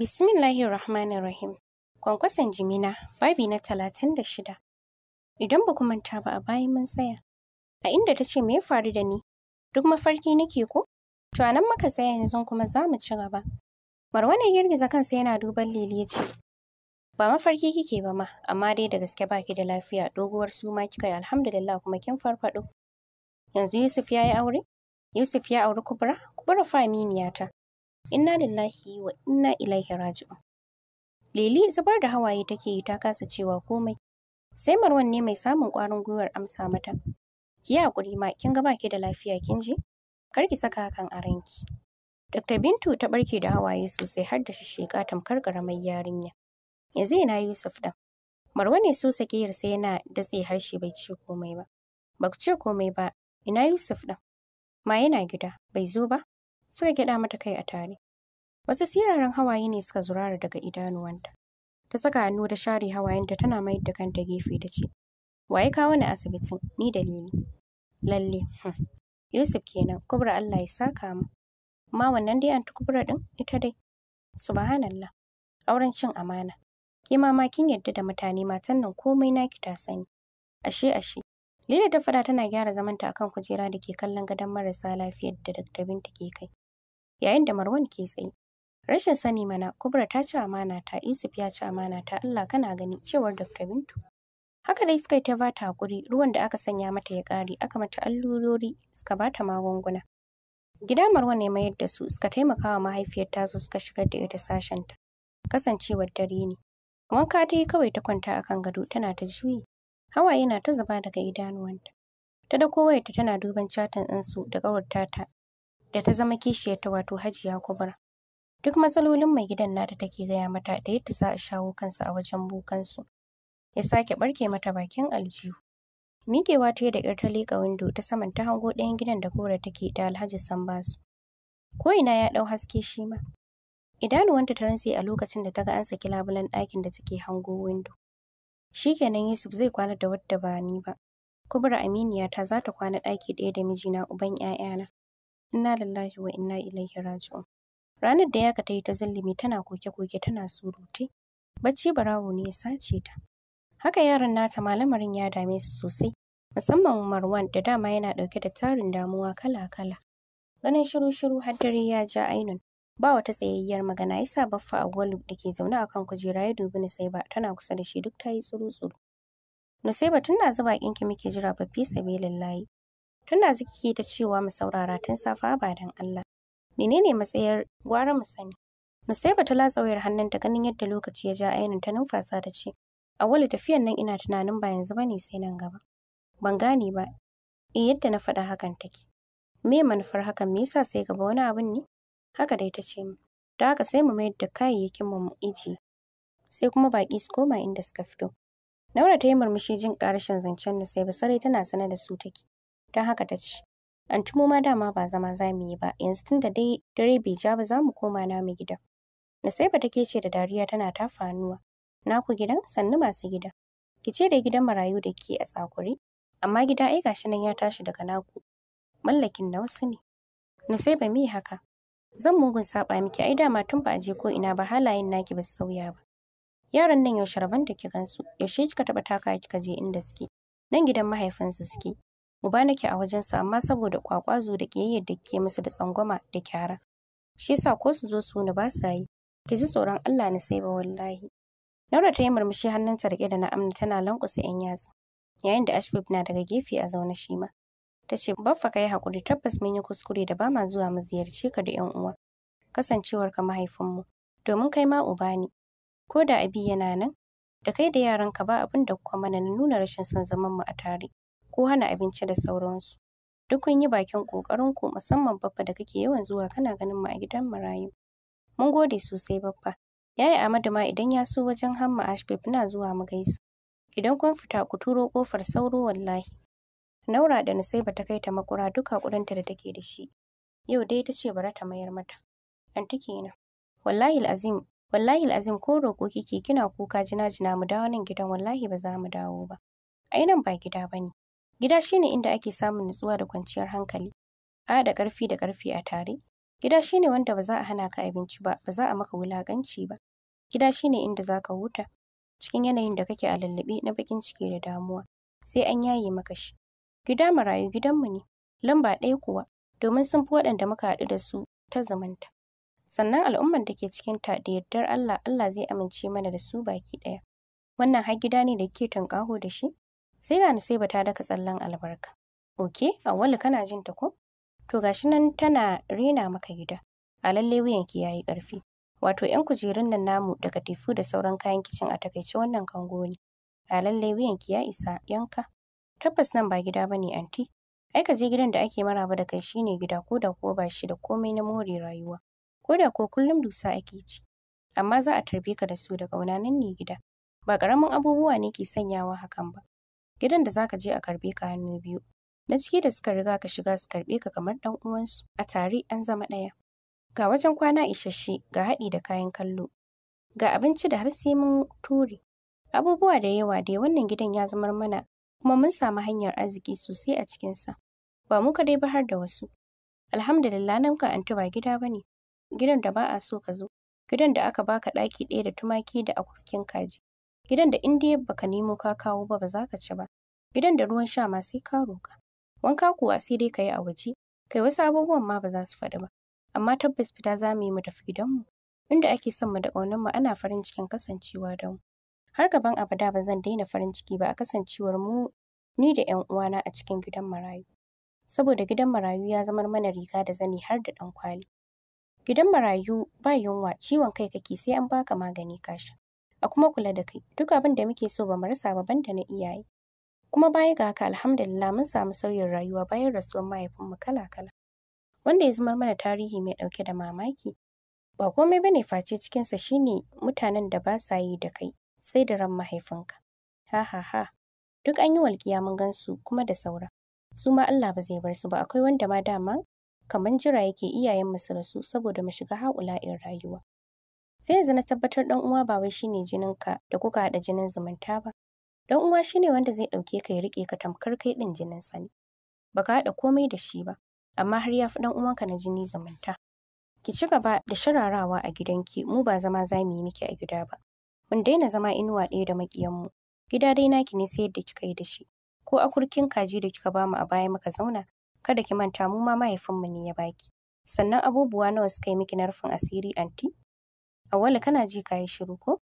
Bismillahirrahmanirrahim. Kwankwason jimina, babi na talatin da shida. Idan ba manta ba a bayan mun tsaya. A inda ta ce me ya faru da ni? Duk mafarki nake ko? To a nan maka tsaya yanzu kuma za mu ci gaba. Marwa ne girgiza kansa yana duban Lili ya ce, Ba mafarki kike ba ma, amma dai da gaske baki da lafiya doguwar suma kika yi alhamdulillah kuma kin farfaɗo. Yanzu Yusuf ya yi aure? Yusuf ya auri Kubra? Kubra fa aminiyata. Inna lillahi wa inna ilaihi raji'un. Lili zubar da hawaye take yi ta kasa cewa komai. Sai Marwan ne mai samun ƙwarin gwiwar amsa mata. Ki yi hakuri ma kin ga baki da lafiya kin ji? Kar ki saka hakan a ranki. Dr. Bintu ta barke da hawaye sosai har da shisheka tamkar ƙaramar yarinya. Yanzu ina Yusuf ɗan. Marwan ne so sakiyar sai yana datse harshe bai ce komai ba. Ba ku ce komai ba, ina Yusuf ɗan. Ma yana gida, bai zo ba? suka gyaɗa mata kai a tare. Wasu siraran hawaye ne suka zurara daga idanuwanta. Ta saka hannu da share hawayenta tana mayar da kanta gefe ta ce, Waye kawo ni asibitin? Ni da dalili. Lalle, hmm. Yusuf kenan, kubra Allah ya saka mu. Amma wannan dai ta kubra ɗin, ita dai. Subhanallah. Auren cin amana. Ke ma yadda da mutane matan nan komai naki ta sani. Ashe ashe. Lila ta fada tana gyara zamanta akan kujera da ke kallon gadon marasa lafiyar da Dr. ke kai. yayin da Marwan ke tsaye. Rashin sani mana Kubra ta ci amana ta Yusuf ya ci amana ta Allah kana gani cewar Dr. Bintu. Haka dai suka yi ta bata hakuri ruwan da aka sanya mata ya ƙare aka mata allurori suka ba ta magunguna. Gida Marwan ne mayar da su suka taimaka wa mahaifiyar zo suka shigar da ita sashen ta. Kasancewar dare ne. Wanka ta yi kawai ta kwanta a kan gado tana ta juyi. Hawaye na ta zuba daga idanuwanta. Ta da wayarta tana duban chatin ɗinsu da ƙawarta ta da ta zama kishiyarta wato Hajiya Kubra. Duk matsalolin mai gidan nata take gaya mata da yadda za a shawo kansu a wajen bukansu. Ya sake barke mata bakin aljihu. Miƙewa ta yi da ƙirta leƙa windo ta saman ta hango ɗayan gidan da kore take da Alhaji Sambasu. Ko ina ya ɗau haske shi ma. Idanuwanta ta rantse a lokacin da ta ga an saki labulen ɗakin da take hango windo. Shi kenan Yusuf zai kwana da wadda ba ni ba. Kubra aminiya ta za ta kwana ɗaki ɗaya da mijina uban ‘ya'yana. inna lillahi wa inna ilaihi raji'un ranar da yaka tayi ta zillime tana koke-koke tana surutai bacci barawo ne ya sace ta haka yaron nata malamarin ya dame su sosai musamman Marwan da dama yana dauke da tarin damuwa kala-kala ganin shiru-shiru har dare ya ja ainun ba wata tsayayyiyar magana yasa Baffa Auwalu da ke zaune akan kujera ya dubi ba tana kusa da shi duk tayi tsuru-tsuru Nusaiba tun na zuba kinki muke jira fa fi sabilillahi Tun da suke ta cewa mu saurara tun safa ba don Allah. Menene matsayar gwara mu sani? Nusaiba ta latsa wayar hannunta ganin yadda lokaci ya ja ainin ta numfasa ta ce, wani tafiyan nan ina tunanin ba yanzu bane sai nan gaba. Ban gane ba. e yadda na faɗa hakan take. Me manufar hakan me yasa sai gaba wani abin ne? Haka dai ta ce mu. Da haka sai mu mayar da kayayyakin mu mu iji. Sai kuma baƙi su koma inda suka fito. Naura ta yi murmushi jin ƙarashin zancen Nusaiba sarai tana sanar da su take. don haka ta ce tumo ma dama ba zama za mu yi ba yanzu tun da dai dare bai ja ba za mu koma na namu gidan ta take ce da dariya tana fanuwa hannuwa ku gidan sannu masu gida ki ce da gidan marayu da ke a tsakuri amma gida ai gashi nan ya tashi daga naku mallakin na wasu ne mu yi haka zan mugun saba miki ai dama tun ba a je ko ina ba halayen naki ba su sauya ba yaran nan yaushe rabon da ki gansu yaushe kika taɓa taka kika je inda suke nan gidan mahaifinsu suke uba nake a wajensa amma saboda kwakwazo da ƙiyayyar da ke musu da tsangwama da kyara shi yasa ko su zo su ni ba sa yi ki ji tsoron Allah ni sai ba wallahi Naura ta yi murmushi hannunta riƙe da na amna tana lankusa yan yatsa yayin da Ashbib na daga gefe a zaune shi ma ta ce baffa yi hakuri tabbas mun yi kuskure da ba ma zuwa mu ziyarci ka da yan uwa kasancewar ka mahaifinmu domin kai ma uba ne ko da abi yana nan da kai da yaran ka ba abin da kuka mana na nuna rashin son zaman mu a tare ko hana abinci da sauransu. Duk kun yi bakin ku musamman Baffa da kake yawan zuwa kana ganin mu a gidan marayu. Mun gode sosai Baffa. Yayi Amadu ma idan ya so wajen Hamma Ashbib na zuwa mu gaisa. Idan kun fita ku turo ƙofar sauro wallahi. Naura da ba ta kai ta makura duk haƙurinta da take da shi. Yau dai ta ce bara ta mayar mata. Anti kenan. Wallahi azim wallahi azim ko roƙo kike kina kuka jina jina mu dawo nan gidan wallahi ba za mu dawo ba. Ai nan ba gida bane. Gida shine inda ake samun nutsuwa da kwanciyar hankali. A da ƙarfi da ƙarfi a tare. Gida shine wanda ba za a hana ka abinci ba, ba za a maka wulaƙanci ba. Gida shine inda za ka huta cikin yanayin da kake a lallaɓe na baƙin ciki da damuwa. Sai an yaye maka shi. Gida marayu gidanmu ne, lamba ɗaya kuwa, domin sun fi waɗanda muka haɗu da su ta zumunta. Sannan al'ummar da ke cikinta da yardar Allah, Allah zai amince mana da su baki ɗaya. Wannan har gida ne da ke tunƙaho da shi, sai ga Nasiba ta daka tsallan albarka. Oke, Auwalu kana jin ta ko? To gashi nan tana rena maka gida. A lalle wuyanki yayi ƙarfi. Wato 'yan kujerun nan namu daga tefu da sauran kayan kicin a takaice wannan kango ne. A lalle wuyanki ya isa yanka. Tabbas nan ba gida bane anti. Ai ka je gidan da ake maraba da kai shine gida ko da ko ba shi da komai na more rayuwa. Ko da ko kullum dusa ake ci. Amma za a tarbe ka da su da ƙauna nan ne gida. Ba ƙaramin abubuwa ne ke sanyawa hakan ba. gidan da zaka je a karbe ka hannu biyu na ciki da suka riga ka shiga su karbe ka kamar ɗan uwansu a tare an zama ɗaya ga wajen kwana isasshe ga haɗi da kayan kallo ga abinci da har sai mun ture abubuwa da yawa dai wannan gidan ya zamar mana kuma mun samu hanyar arziki sosai a cikinsa ba mu kadai ba har da wasu alhamdulillah nan ka anti ba gida bane gidan da ba a so ka zo gidan da aka baka ɗaki ɗaya da tumaki da akurkin kaji gidan da in dai baka nemo ka kawo ba ba za ka ci ba gidan da ruwan sha ma sai ka roka wanka kuwa sai dai ka yi a waje kai wasu abubuwan ma ba za su faɗi ba amma tabbas fita za mu yi mu tafi gidanmu inda ake son mu da ƙaunar mu ana farin cikin kasancewa da mu har gaban abada ba zan daina farin ciki ba a kasancewar mu ni da ƴan uwana a cikin gidan marayu saboda gidan marayu ya zama mana riga da zani har da ɗankwali gidan marayu ba yunwa ciwon kai kake sai an baka magani ka sha a kuma kula da kai duk abin da muke so ba mu rasa ba banda na iyaye kuma baya ga haka alhamdulillah mun samu sauyin rayuwa bayan rasuwar mahaifin mu kala-kala wanda ya zama mana tarihi mai ɗauke da mamaki ba komai bane face cikinsa shine mutanen da ba sa yi da kai sai da ran mahaifinka ha ha ha duk an yi walƙiya mun gansu kuma da saura su ma Allah ba zai bar su ba akwai wanda ma dama kaman jira yake iyayen mu su saboda mu shiga ha'ula'in rayuwa sai yanzu na tabbatar dan uwa ba wai shine jinin ka da kuka haɗa jinin zumunta ba dan uwa shine wanda zai ɗauke ka ya rike ka tamkar kai ɗin jinin sa ne baka haɗa komai da shi ba amma har ya fi dan uwanka na jini zumunta ki ci gaba da shirarawa a gidanki mu ba zama za mu yi miki a gida ba mun daina zama inuwa ɗaya da makiyan mu gida dai naki ne sai yadda kika yi da shi ko akurkin kaji da kika bamu a baya muka zauna kada ki manta mu ma mahaifinmu ne ya baki sannan abubuwa nawa suka yi miki na rufin asiri anti Awwalu kana ji ka yi shiru ko?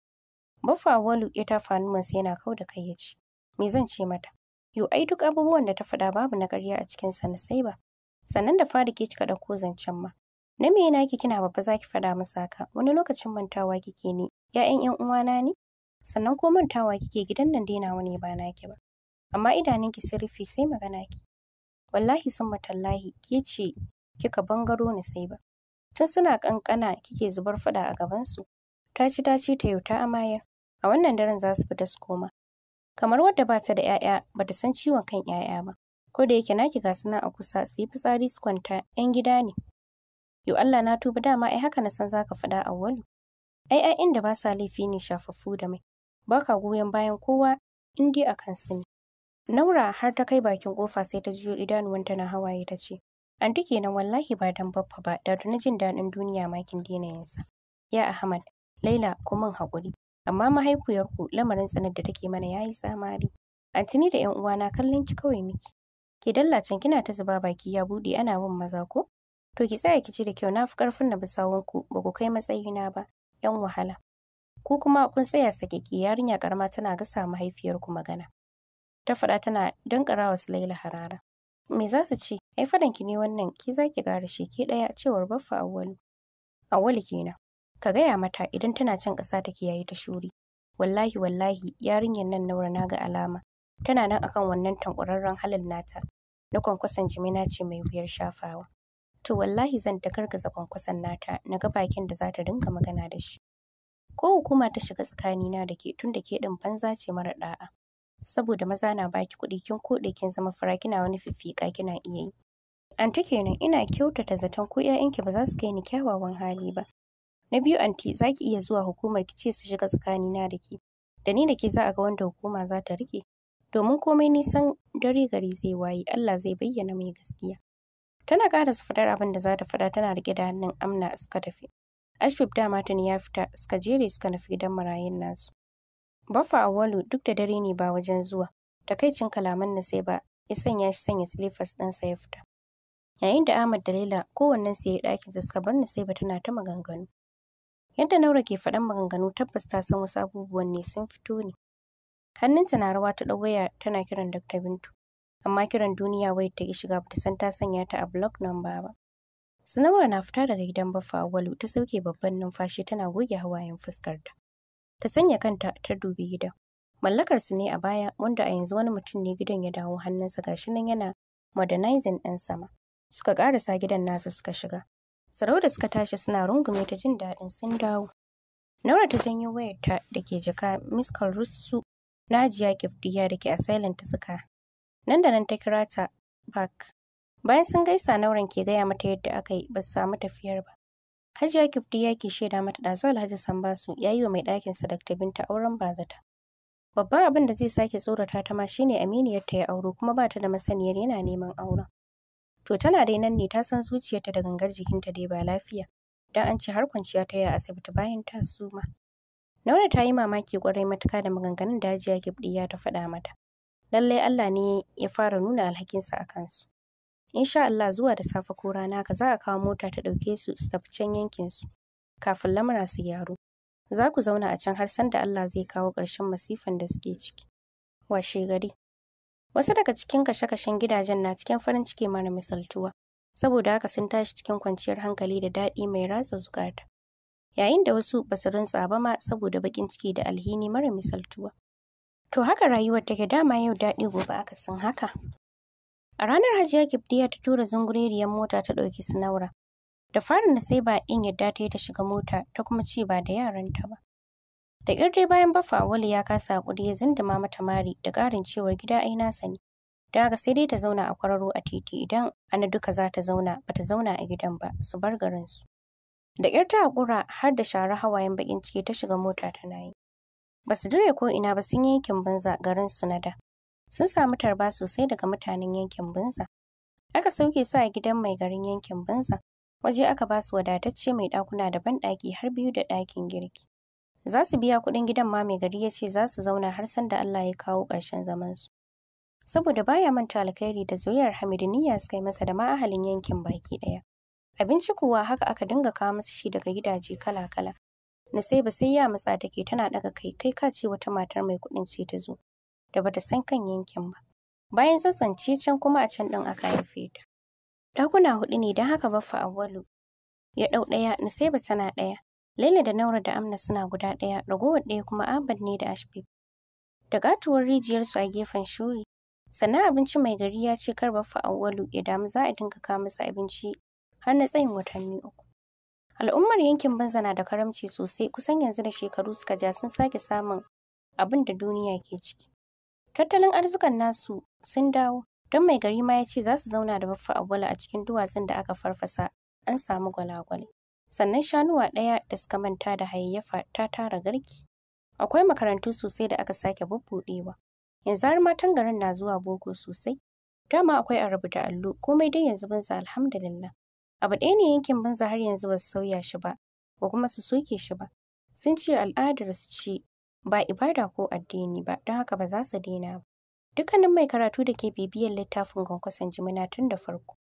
Baffa Awwalu ya tafa sai yana kau da kai ya ce, Me zan ce mata? Yo ai duk abubuwan da ta faɗa babu na ƙarya a cikinsa na sai ba. Sannan da fari ke kika ɗauko zancen ma. Na me yana ki kina babba za ki faɗa masa ka. wani lokacin mantawa kike ni ‘ya'yan ‘yan uwana ne? Sannan ko mantawa kike gidan nan dai nawa ne ba naki ba. Amma idanunki sun rufe sai magana ki. Wallahi sun matallahi. ke ce kika bangaro ni sai ba. tun suna ƙanƙana kike zubar faɗa a gabansu ta ci ta ci ta yau ta amayar a wannan daren za su fita su koma kamar wadda ba ta da 'ya'ya ba ta san ciwon kan 'ya'ya ba ko da yake naki ga suna a kusa su yi fitsari su kwanta 'yan gida ne yo Allah na tuba dama ai haka na san zaka faɗa wani ai ai inda ba sa laifi ne shafaffu da mai baka goyon bayan kowa in a kansu ne Naura har ta kai bakin kofa sai ta jiyo idanuwanta na hawaye ta ce An duke nan wallahi ba dan baffa ba da tuni jin daɗin duniya makin kin daina Ya Ahmad, Laila ku mun hakuri. Amma mahaifiyarku lamarin tsanar da take mana yayi tsamari. Antini da 'yan uwana kallon ki kawai miki. Ki dallacin kina ta zuba baki ya buɗe ana bin maza ko? To ki tsaya ki ci da kyau na fi karfin na ku, ba ku kai matsayina ba. ‘Yan wahala. Ku kuma kun tsaya ki, yarinya karama tana gasa mahaifiyarku magana. Ta faɗa tana danƙara wa Laila harara. Me za su ce? Ai ki ne wannan, ki za ki gara shi ke ɗaya cewar baffa Auwalu. Auwalu kenan. Ka gaya mata idan tana cin ƙasa ta kiyaye ta shuri. Wallahi wallahi yarinyar nan naura na ga alama. Tana nan akan wannan tankurarren halin nata. Na kwankwason jimina ce mai wuyar shafawa. To wallahi zan ta gargaza kwankwason nata na ga bakin da za ta dinga magana da shi. Ko hukuma ta shiga tsakanina da ke tun da ke ɗin banza ce mara ɗa'a. saboda maza na baki kuɗi kin koɗe kin zama fara kina wani fifika kina iya yi anti kenan ina kyautata zaton ko ƴaƴanki ba za su kai ni kyawawan hali ba na biyu anti za ki iya zuwa hukumar ki ce su shiga tsakani na da ke da ni da ke za a ga wanda hukuma za ta riƙe domin komai nisan dare gari zai waye Allah zai bayyana mai gaskiya tana ƙara su faɗar abin da za ta faɗa tana riƙe da hannun amna suka tafi Ashfib dama tuni ya fita suka jere suka nufi gidan marayun nasu Baffa awalu duk da dare ne ba wajen zuwa. Takaicin kalaman na sai ba ya sanya shi sanya silifas ɗinsa ya fita. Yayin da Ahmad da Laila kowanne su ya yi ɗakinsa suka bar ba tana ta maganganu. Yadda Naura ke faɗan maganganu tabbas ta san wasu abubuwan ne sun fito ne. Hannunta na rawa ta ɗau tana kiran Dr. Bintu. Amma kiran duniya wai ta ki shiga ta san ta sanya ta a block number ba. Sinaura na fita daga gidan Baffa Auwalu ta sauke babban numfashi tana goge hawayen fuskarta. ta sanya kanta ta dubi gidan. Mallakar su ne a baya wanda a yanzu wani mutum ne gidan ya dawo hannunsa gashi nan yana modernizing ɗin sama. Suka ƙarasa gidan nasu suka shiga. da suka tashi suna rungume ta jin daɗin sun dawo. Naura ta janyo wayarta da ke jaka miskar Rutsu Najiya Kifdiya da ke a ta suka. Nan da nan ta kira ta back. Bayan sun gaisa Nauran ke gaya mata yadda aka yi ba su samu tafiyar ba. Hajiya Kifdi ya ke shaida mata ɗazu Alhaji Sambasu ya yi wa mai ɗakin sa Dr. Binta auren bazata. Babban abin da zai sake tsorata ta ma shine aminiyarta ya auro kuma ba ta da masaniyar yana neman auren. To tana dai nan ne ta san zuciyarta da gangar jikinta dai ba lafiya. dan an ce har kwanciya ta yi a asibiti bayan ta suma. Naura ta yi mamaki kwarai matuka da maganganun da Hajiya Kifdi ya ta faɗa mata. Lallai Allah ne ya fara nuna alhakinsa a kansu. Insha Allah zuwa da safe ko rana ka za a kawo mota ta ɗauke su su tafi can yankin su kafin lamura su gyaru. Za ku zauna a can har san da Allah zai kawo ƙarshen masifan da suke ciki. Washe gari. Wasu daga cikin kashe-kashen gidajen na cikin farin ciki mara misaltuwa, saboda haka sun tashi cikin kwanciyar hankali da daɗi mai ratsa zukata. Yayin da wasu ba su rintsa ba ma saboda baƙin ciki da alhini mara misaltuwa. To haka rayuwar take dama yau daɗi gobe akasin haka. A ranar Hajiya Gibdiya ta tura zungureriyar mota ta ɗauki Sinaura. Da farin da sai ba in yadda ta yi ta shiga mota ta kuma ci ba da yaran ta ba. Da ƙyar dai bayan bafa Wali ya kasa haƙuri ya zindama mata mari da ƙarin cewar gida ai nasa ne. Da haka sai dai ta zauna a kwararo a titi idan ana duka za ta zauna ba ta zauna a gidan ba su bar garinsu. Da ƙyar ta haƙura har da shara hawayen baƙin ciki ta shiga mota tana yi. Ba su dire ko ina ba sun yi yankin banza su na da. sun samu tarba sosai daga mutanen yankin Binza. Aka sauke su a gidan mai garin yankin Binza, waje aka ba su wadatacce mai ɗakuna da banɗaki har biyu da ɗakin girki. Za su biya kuɗin gidan ma mai gari ya ce za su zauna har sanda Allah ya kawo ƙarshen zamansu. Saboda baya manta alkhairi da zuriyar Hamidu niyya suka yi masa da ma ahalin yankin baki ɗaya. Abinci kuwa haka aka dinga kawo musu shi daga gidaje kala-kala. Nasaiba sai ya matsa take tana ɗaga kai kai ka ce wata matar mai kuɗin ce ta zo. da bata san kan yankin ba. Bayan tsatsance can kuma a can ɗin aka haife ta. Ɗakuna huɗu ne don haka Baffa Auwalu ya ɗau ɗaya, ba tana ɗaya. Laila da Naura da Amna suna guda ɗaya, ragowar ɗaya kuma Ahmad ne da Ashbib. Da katuwar rijiyarsu a gefen shuri. Sannan abinci mai gari ya ce kar Baffa Auwalu ya damu za a dinga kawo masa abinci har na tsayin watanni uku. Al'ummar yankin Banza na da karamci sosai kusan yanzu da shekaru suka ja sun sake samun abin da duniya ke ciki. Tattalin arzikan nasu sun dawo, don mai gari ma ya ce za su zauna da Baffa Awwalu a cikin duwatsun da aka farfasa, an samu gwalagwale. Sannan shanuwa ɗaya da suka manta da hayayyafa ta tara garki. Akwai makarantu sosai da aka sake bubbuɗewa. Yanzu har matan garin na zuwa boko sosai. Dama akwai a rubuta allo, komai dai yanzu banza alhamdulillah. Abu ɗaya ne yankin banza har yanzu ba su sauya shi ba, ba kuma su soke shi ba. Sun ce al'adar su ce ba ibada ko addini ba don haka ba za su daina ba. Dukkanin mai karatu da ke bibiyar littafin kwankwason jimina tun da farko.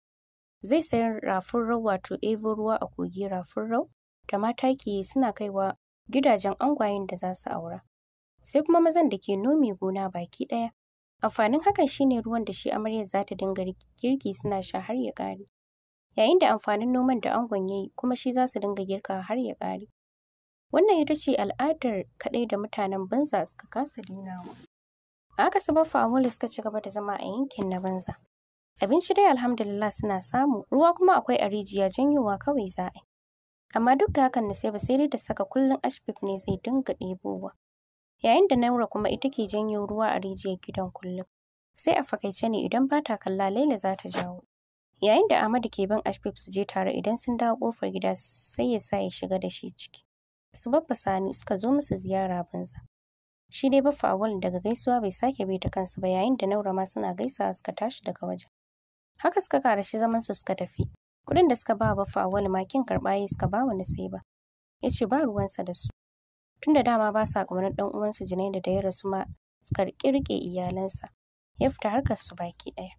Zai sayan rafin rau wato evo ruwa a kogi rafin rau da mata ke suna kaiwa gidajen angwayen da za su aura. Sai kuma mazan da ke nomi gona baki ɗaya. Amfanin hakan shine ruwan da shi amaryar za ta dinga girki suna sha har ya ƙare. Yayin da amfanin noman da angon ya yi kuma shi za su dinga girka har ya ƙare. Wannan ita ce al'adar kaɗai da mutanen Banza suka kasa dinawa. A haka su suka ci gaba da zama a yankin na Banza. Abinci dai alhamdulillah suna samu, ruwa kuma akwai a rijiya janyowa kawai za a yi. Amma duk da hakan Nusaiba sai dai ta saka kullum Ashbib ne zai dinga ɗebowa. Yayin da Naura kuma ita ke janyo ruwa a rijiyar gidan kullum. Sai a fakaice ne idan ba ta kalla Laila za ta jawo. Yayin da Ahmadu ke bin Ashbib su je tare idan sun dawo ƙofar gida sai ya sa ya shiga da shi ciki. su babba Sani suka zo musu ziyara banza. Shi dai baffa Awal daga gaisuwa bai sake bai ta kansu ba yayin da Naura ma suna gaisawa suka tashi daga wajen. Haka suka karashi zaman su suka tafi. Kuɗin da suka ba baffa Awal ma kin karɓa yi suka ba sai ba. Ya ce ba ruwansa da su. Tunda dama ba sa ƙaunar ɗan uwansu Junaidu da ya rasu ma suka riƙe iyalansa. Ya fita harkar su baki ɗaya.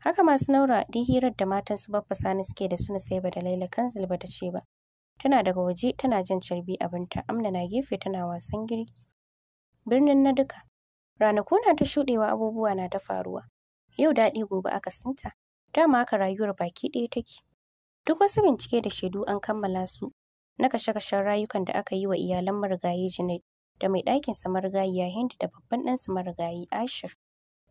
Haka masu Naura dai hirar da matan su baffa Sani suke da su na sai ba da Laila Kanzil ba ta ce ba. Tana daga waje tana jin carbi abinta, Amna na gefe tana wasan girki. Birnin na duka. Ranaku na ta shuɗewa abubuwa na ta faruwa. Yau daɗi gobe aka sinta Dama aka rayuwar baki ɗaya take. Duk wasu bincike da shaidu an kammala su na kashe-kashen rayukan da aka yi wa iyalan marigayi Junaid da mai ɗakin ɗakinsa ya Hindu da babban ɗansu marigayi Ashir.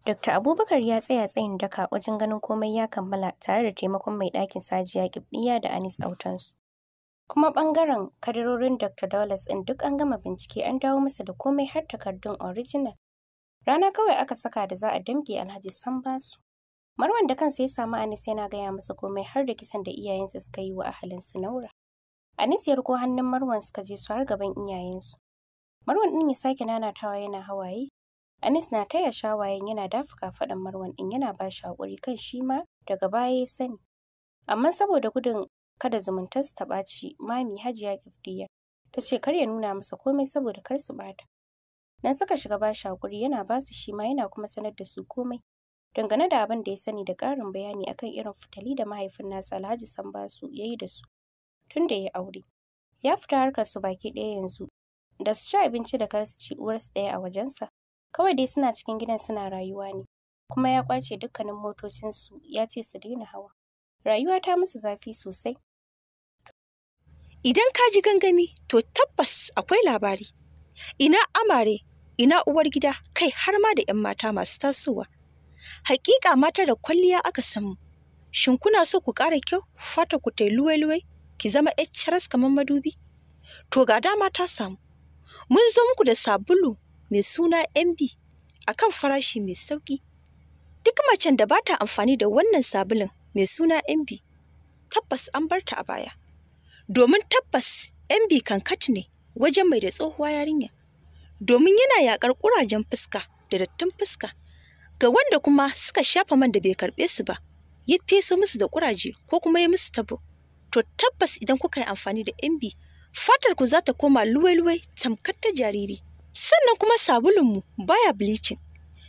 Dr. Abubakar ya tsaya tsayin daka wajen ganin komai ya kammala tare da taimakon mai ɗakin sajiya Ƙibdiya da Anis autansu. Kuma ɓangaren kadarorin Dr. Dollars in duk an gama bincike an dawo masa da komai har takardun orijinal. Rana kawai aka saka da za a damge Alhaji Sambasu. Marwan da kansa ya samu Anis yana gaya masa komai har da kisan da iyayensa suka yi wa ahalin su Naura. Anis ya riko hannun Marwan suka je su har gaban iyayensu. Marwan din ya sake nanatawa yana hawaye. Anis na taya shawayen yana dafuka faɗan Marwan din, yana ba shi hakuri, kan shi ma daga baya ya sani. Amma saboda gudun kada su ta ɓaci mami hajiya kifdiya ta ce kar ya nuna masa komai saboda kar su ɓata nan suka shiga ba shi hakuri yana ba su shi ma yana kuma sanar da su komai dangane da abin da ya sani da ƙarin bayani akan irin fitali da mahaifin nasa alhaji sambasu ya yi da su tun da ya aure ya fita harkar su baki ɗaya yanzu da su ci abinci da kar su ci uwarsu ɗaya a wajensa kawai dai suna cikin gidan suna rayuwa ne kuma ya kwace dukkanin motocinsu ya ce su daina hawa rayuwa ta musu zafi sosai Idan ka ji gangami, to tabbas akwai labari. Ina amare, ina uwar gida, kai har ma da ‘yan mata masu tasowa. Hakika mata da kwalliya aka samu. Shin kuna so ku ƙara kyau, fata ku ta luwai-luwai, ki zama HRS kamar madubi? To ga dama ta samu. Mun zo muku da sabulu mai suna MB a kan farashi mai sauƙi. Duk macen da ba ta amfani da wannan sabulun mai suna MB, tabbas an bar ta a baya. domin tabbas MB kankat ne wajen mai da tsohuwa yarinya, domin yana yakar ƙurajen fuska da dattin fuska. Ga wanda kuma suka shafa man da bai karɓe su ba, ya feso musu da ƙuraje ko kuma ya musu tabo. To tabbas idan kuka yi amfani da MB, fatar ku za ta koma luwai-luwai tamkar ta jariri. Sannan kuma sabulunmu baya bleaching.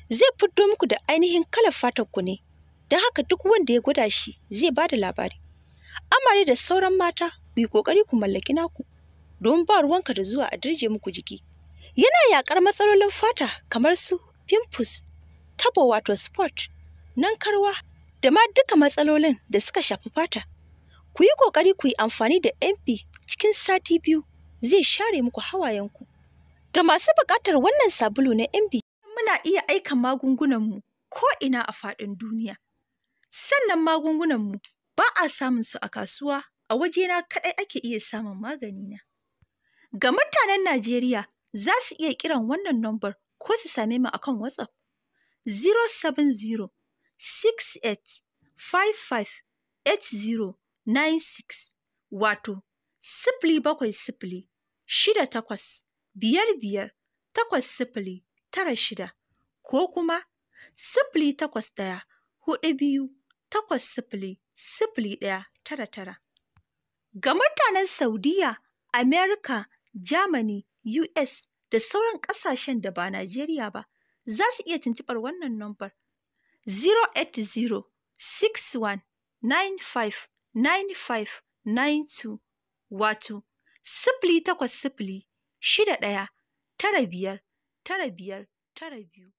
Zai fito muku da ainihin kalar fatar ku ne, don haka duk wanda ya gwada shi zai ba da labari. Amare da sauran mata ku yi ƙoƙari ku mallaki naku don ba ruwanka da zuwa a dirje muku jiki. Yana yaƙar matsalolin fata kamar su pimples, tabo wato spot, nankarwa da ma duka matsalolin da suka shafi fata. Ku yi ƙoƙari ku yi amfani da MP cikin sati biyu zai share muku hawayenku. Ga masu buƙatar wannan sabulu na MP muna iya aika magungunanmu ko ina a faɗin duniya. Sannan magungunanmu ba a samun su a kasuwa a wajena kaɗai ake iya samun maganina. Ga mutanen Najeriya za su iya kiran wannan nombar ko su same mu akan WhatsApp 070 68 55 8096 wato sifili bakwai sifili shida takwas biyar biyar takwas sifili tara shida ko kuma sifili takwas ɗaya hudu biyu takwas sifili sifili ɗaya tara tara. Ga mutanen Saudiyya, Amerika, Germany, US da sauran ƙasashen da ba Najeriya ba, za su iya tuntuɓar wannan nombar 080 6195 95 95 92 wato sifili takwas sifili shida ɗaya tara biyar tara biyar tara biyu.